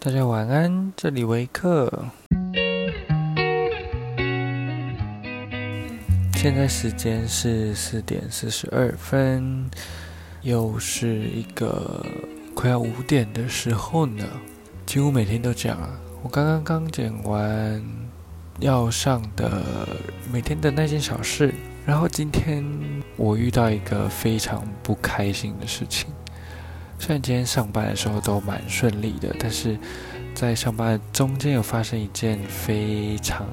大家晚安，這裡維克。現在時間是四點四十二分，又是一個快要五點的時候呢。幾乎每天都這樣啊。我剛剛剛剪完要上的每天的那件小事，然後今天我遇到一個非常不開心的事情。雖然今天上班的時候都蠻順利的，但是在上班中間有發生一件非常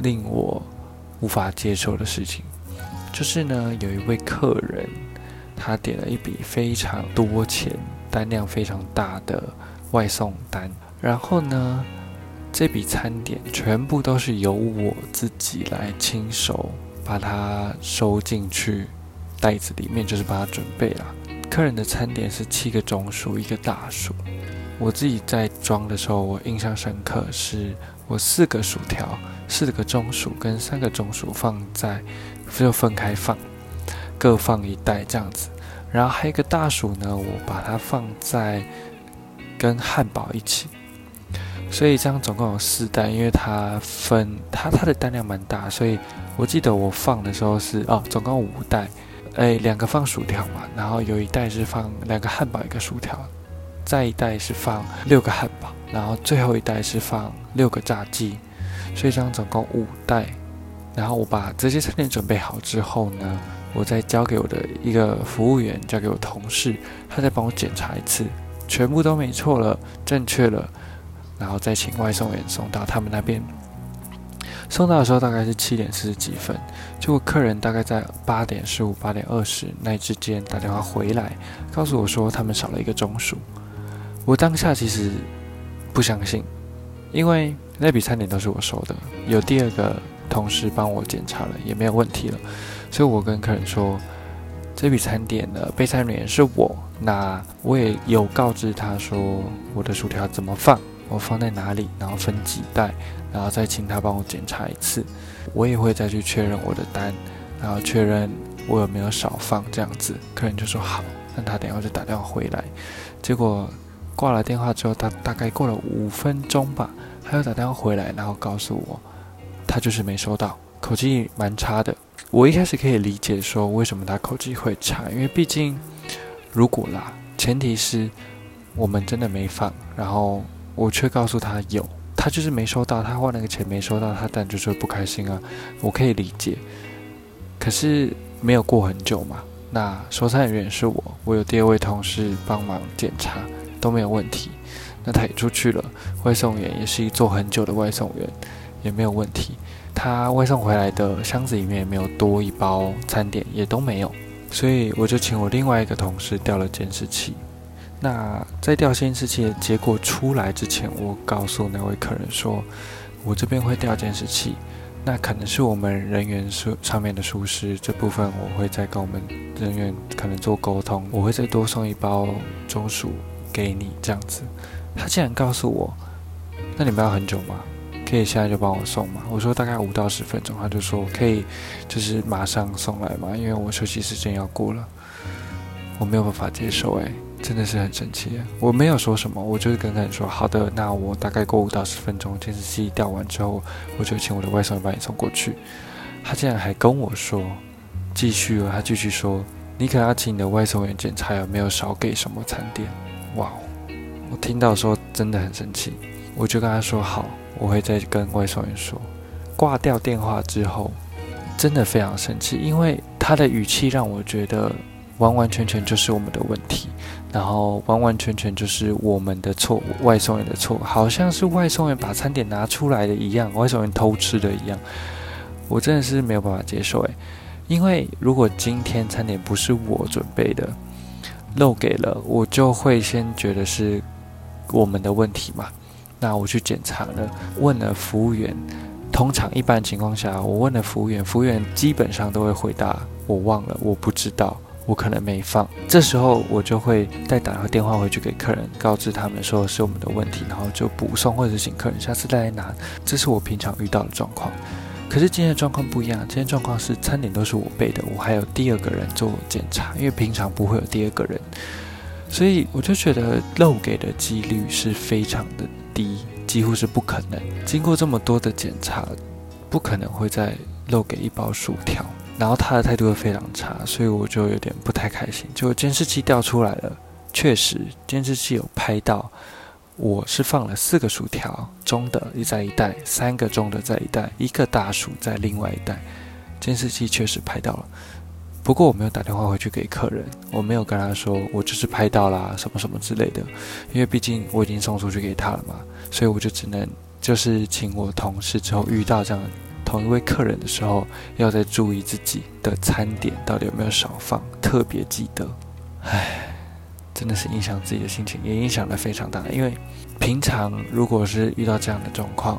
令我無法接受的事情，就是呢，有一位客人，他點了一筆非常多錢、單量非常大的外送單，然後呢，這筆餐點全部都是由我自己來親手把它收進去袋子裡面，就是把它準備了。客人的餐點是七個中薯，一個大薯。我自己在裝的時候，我印象深刻是我四個薯條、四個中薯跟三個中薯放在就分開放，各放一袋這樣子。然後還有一個大薯呢，我把它放在跟漢堡一起。所以這樣總共有四袋，因為它分它它的單量蠻大，所以我記得我放的時候是哦，總共五袋。哎，兩個放薯條嘛，然後有一袋是放兩個漢堡一個薯條，再一袋是放六個漢堡，然後最後一袋是放六個炸雞，所以這樣總共五袋。然後我把這些餐點準備好之後呢，我再交給我的一個服務員，交給我同事，他再幫我檢查一次，全部都沒錯了，正確了，然後再請外送員送到他們那邊。送到的時候大概是七點四十幾分，結果客人大概在八點十五、八點二十那之間打電話回來，告訴我說他們少了一個中薯。我當下其實不相信，因為那筆餐點都是我收的，有第二個同事幫我檢查了，也沒有問題了。所以我跟客人說，這筆餐點的備餐人員是我，那我也有告知他說我的薯條怎麼放。我放在哪裡，然後分幾袋，然後再請他幫我檢查一次，我也會再去確認我的單，然後確認我有沒有少放這樣子。客人就說好，那他等一下就打電話回來。結果掛了電話之後，他大概過了五分鐘吧，他又打電話回來，然後告訴我他就是沒收到，口氣蠻差的。我一開始可以理解說為什麼他口氣會差，因為畢竟如果啦，前提是我們真的沒放，然後。我卻告訴他有，他就是沒收到，他花那個錢沒收到，他但就是不開心啊，我可以理解。可是沒有過很久嘛，那收餐員是我，我有第二位同事幫忙檢查都沒有問題，那他也出去了，外送員也是一做很久的外送員，也沒有問題，他外送回來的箱子裡面也沒有多一包餐點，也都沒有，所以我就請我另外一個同事調了監視器。那在調監視器的結果出來之前，我告訴那位客人說，我這邊會調監視器，那可能是我們人員上面的疏失這部分，我會再跟我們人員可能做溝通，我會再多送一包中薯給你這樣子。他竟然告訴我，那你們要很久嗎？可以現在就幫我送嗎？我說大概五到十分鐘，他就說可以，就是馬上送來嘛，因為我休息時間要過了，我沒有辦法接受哎、欸。真的是很生氣、啊，我沒有說什麼，我就是跟他說，好的，那我大概過五到十分鐘，電視機掉完之後，我就請我的外送員把你送過去。他竟然還跟我說，繼續、哦，他繼續說，你可要請你的外送員檢查有沒有少給什麼餐點。哇，我聽到說真的很生氣，我就跟他說好，我會再跟外送員說。掛掉電話之後，真的非常生氣，因為他的語氣讓我覺得。完完全全就是我們的問題，然後完完全全就是我們的錯誤，外送員的錯，好像是外送員把餐點拿出來的一樣，外送員偷吃的一樣，我真的是沒有辦法接受誒，因為如果今天餐點不是我準備的，漏給了，我就會先覺得是我們的問題嘛，那我去檢查了，問了服務員，通常一般情況下，我問了服務員，服務員基本上都會回答，我忘了，我不知道。我可能沒放，這時候我就會再打個電話回去給客人，告知他們說是我們的問題，然後就補送或者請客人下次再來拿。這是我平常遇到的狀況。可是今天的狀況不一樣，今天狀況是餐點都是我備的，我還有第二個人做檢查，因為平常不會有第二個人，所以我就覺得漏給的幾率是非常的低，幾乎是不可能。經過這麼多的檢查，不可能會再漏給一包薯條。然後他的態度會非常差，所以我就有點不太開心。就監視器調出來了，確實監視器有拍到，我是放了四個薯條，中的一在一袋，三個中的在一袋，一個大薯在另外一袋，監視器確實拍到了。不過我沒有打電話回去給客人，我沒有跟他說我就是拍到啦、啊、什麼什麼之類的，因為畢竟我已經送出去給他了嘛，所以我就只能就是請我同事之後遇到這樣。同一位客人的時候，要再注意自己的餐點到底有沒有少放，特別記得。唉，真的是影響自己的心情，也影響得非常大。因為平常如果是遇到這樣的狀況，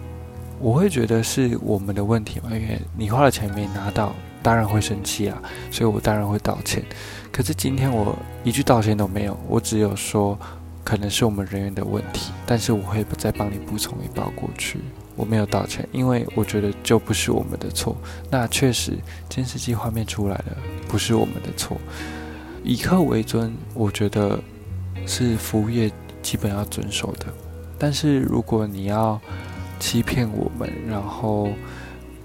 我會覺得是我們的問題嘛，因為你花了錢沒拿到，當然會生氣啊，所以我當然會道歉。可是今天我一句道歉都沒有，我只有說，可能是我們人員的問題，但是我會再幫你補充一包過去。我沒有道歉，因為我覺得就不是我們的錯。那確實，監視器畫面出來了，不是我們的錯。以客為尊，我覺得是服務業基本要遵守的。但是如果你要欺騙我們，然後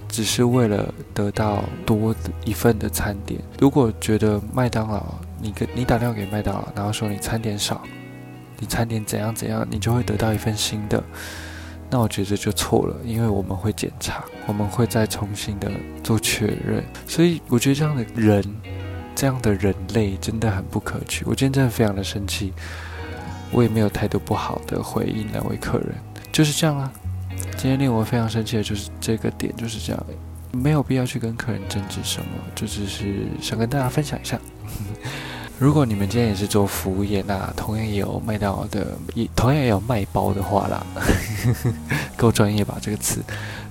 只是為了得到多一份的餐點，如果覺得麥當勞，你跟你打電話給麥當勞，然後說你餐點少，你餐點怎樣怎樣，你就會得到一份新的。那我覺得就錯了，因為我們會檢查，我們會再重新的做確認，所以我覺得這樣的人，這樣的人類真的很不可取。我今天真的非常的生氣，我也沒有太多不好的回應兩位客人，就是這樣啊。今天令我非常生氣的就是這個點，就是這樣，沒有必要去跟客人爭執什麼，就只是想跟大家分享一下。 如果你們今天也是做服務業，那同樣也有賣到的，也同樣也有賣包的話啦，呵呵，夠專業吧這個詞？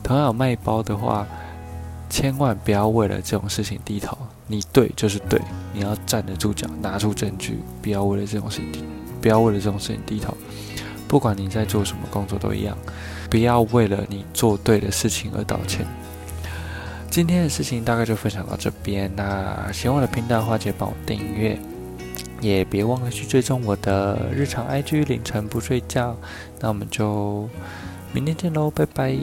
同樣有賣包的話，千萬不要為了這種事情低頭。你對就是對，你要站得住腳，拿出證據，不要為了這種事情低，不要為了這種事情低頭。不管你在做什麼工作都一樣，不要為了你做對的事情而道歉。今天的事情大概就分享到這邊，那喜歡我的頻道的話，記得幫我訂閱。也別忘了去追蹤我的日常 IG，凌晨不睡覺。那我們就明天見嘍，拜拜。